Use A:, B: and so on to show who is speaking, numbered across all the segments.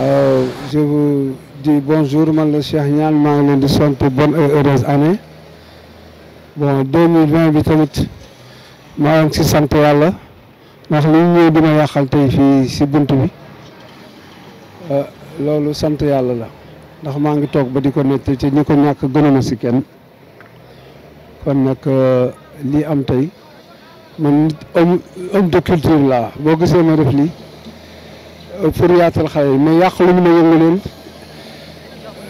A: Euh, je vous bonjour, man le Cheikh Niane maa ngi leen di sant bonne et heureuse année bon 2020 bi tamit maa ngi si sant yàlla ndax li ñëw dima yàqal tey fii si bunt bi euh, loolu sant yàlla la ndax maa ngi toog ba di ko nett ci ñi ko ñàkk gënuma si kenn kon nag euh, lii am tey man homme de culture laa boo gisee ma def pour yaatal xale yi mais yàq lu ñu ma yëngu leen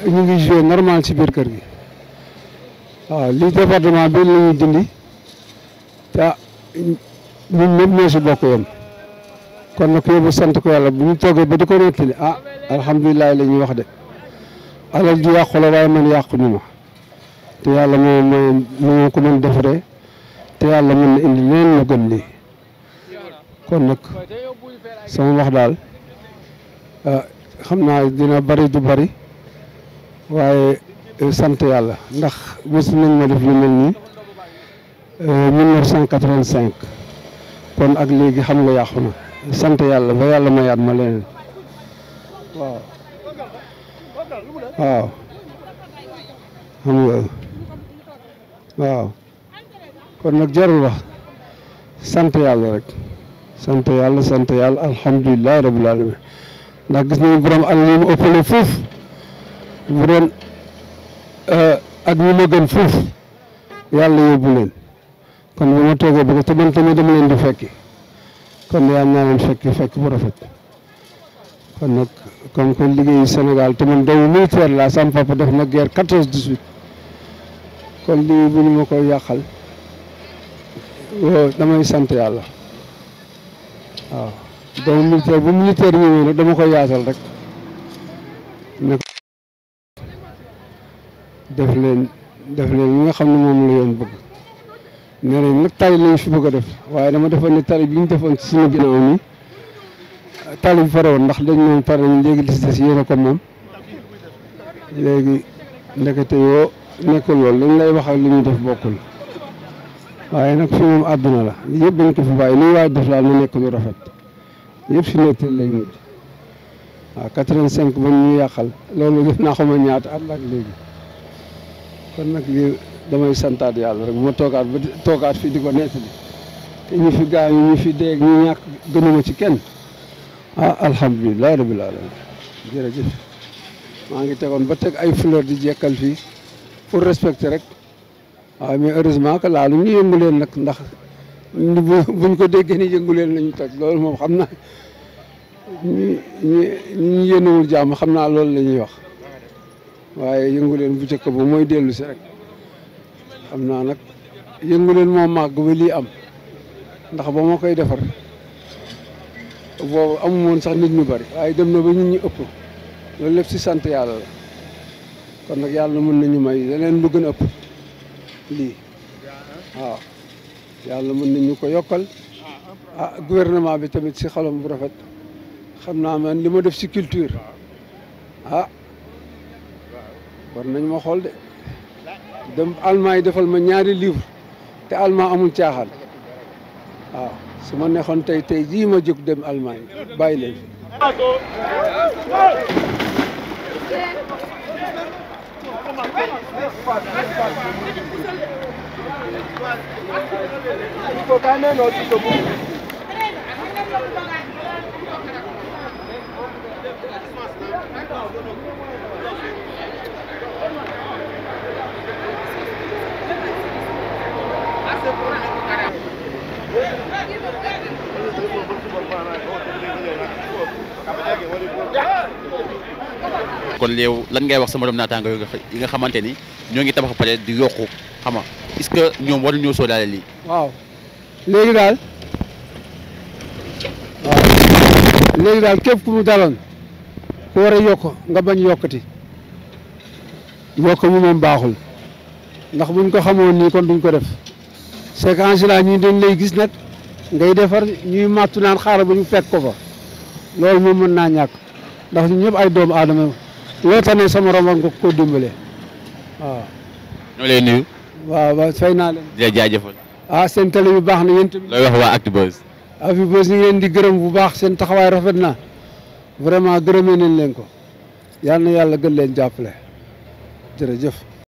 A: ñu ngi joué normal ci biir kër gi waaw li département bi la ñuy dindi te ñun ñëpp ñoo si bokk yam kon nag yóbbu sant ko yàlla bu ñu toogee ba di ko nettali ah alhamdulilah te yàlla moo moo leen lu gën lii kon nag sama wax daal Ah, xam naa dina bari du bari waaye eh, sant yàlla ndax mos nañ ma def lu mel nii eh, kon ak léegi xam nga yàqu na yàlla ba yàlla ma yaat ma leneen waaw waaw xam nga waaw kon nag jarul wax sant yàlla rek sant yàlla sant yàlla alhamdulilah rabbil alamin ndax gis nañu borom alal yi mu ëppale fuuf borom euh, ak ñi ma gën fuuf yàlla yóbbu leen kon bu ma toogee bëgg te man tamit dama leen di fekki kon yaa naa leen fekki fekk bu rafet kon nag comme que liggéeyu Sénégal te man doomu militaire laa sama papa def na guerre 14 18 kon lii bu ñu ma koy yàqal damay sant yàlla waaw. doomu militaire bu militaire ñëwee nag dama koy yaasal rek ne def leen def leen li nga xam ne moom la yoon bëgg nee nañ nag tali fi bëgg a def waaye dama defoon ni tali bi ñu defoon suñu ginnaaw nii tali bi ndax dañ moom pare nañ léegi li si des ko moom léegi ndekete yoo nekkul loolu lañ lay waxal li ñu def bokkul waaye nag fi moom àdduna la yëpp dañ ko fi bàyyi li ñu waay def daal na nekk lu rafet yëpp si nettali lay mujj waaw quatre-vingt-cinq ba ñu yàqal loolu def naa xama ñaata at la ak léegi kon nag lii damay santaat yàlla rek bu ma toogaat ba toogaat fii di ko nettali te ñu fi gaañ ñu fi deeg ñu ñàkk gënuma ci kenn ah alhamdulilah rabbil alamin jërëjëf maa ngi tegoon ba teg ay fleur di jekkal fii pour respecter rek waaw mais heureusement que laalu ñu yëngu leen nag ndax buñ ko déggee ni yëngu leen lañu toj loolu moom xam naa ñi ñi xam naa loolu la wax waaye yëngu leen bu jëkk ba mooy dellu rek xam naa nag yëngu leen moom màgg ba lii am ndax ba ma koy defar boobu amu woon sax nit ñu bari waaye dem na ba ñu ñi ëpp loolu lépp si sant yàlla la kon nag yàlla mën nañu may leneen lu gën a ëpp lii waaw yàlla mën nañu ko yokkal ah gouvernement bi tamit ci xalom bu rafet xam naa man li ma def ci culture ah war nañ ma xool de dem allemand yi defal ma ñaari livre te allemand amul caaxaan waaw ah, su ma neexoon tey tey jii ma jóg dem allemand yi bàyyi Iko ka nena kon léew lan ngay wax sama morom naataango yi nga xamante ni ñoo ngi tabax pare di yokku xam nga est-ce que ñoom waruñu ñoo sóodaale lii. waaw léegi daal waaw léegi daal képp ku mu daloon ku war a yokk nga bañ yokkati yokk mu moom baaxul ndax buñ ko xamoon nii kon duñ ko def c'est que en général ñii dañ lay gis nag ngay defar ñuy màttu naan xaaral ba ñu fekk ko fa loolu moom mën naa ñàkk ndax ñun ñëpp ay doomu aadama loo tane sama romb nga ko dimbalee waaw. waaw waaw fay naa leen. di la jaajëfal. ah seen télé bi baax na yéen tamit. looy wax waa Actubuzz. Actubuzz ñu ngi leen di gërëm bu baax seen taxawaay rafet na vraiment gërëmee nañ leen ko yal na yàlla gën leen jàppale jërëjëf.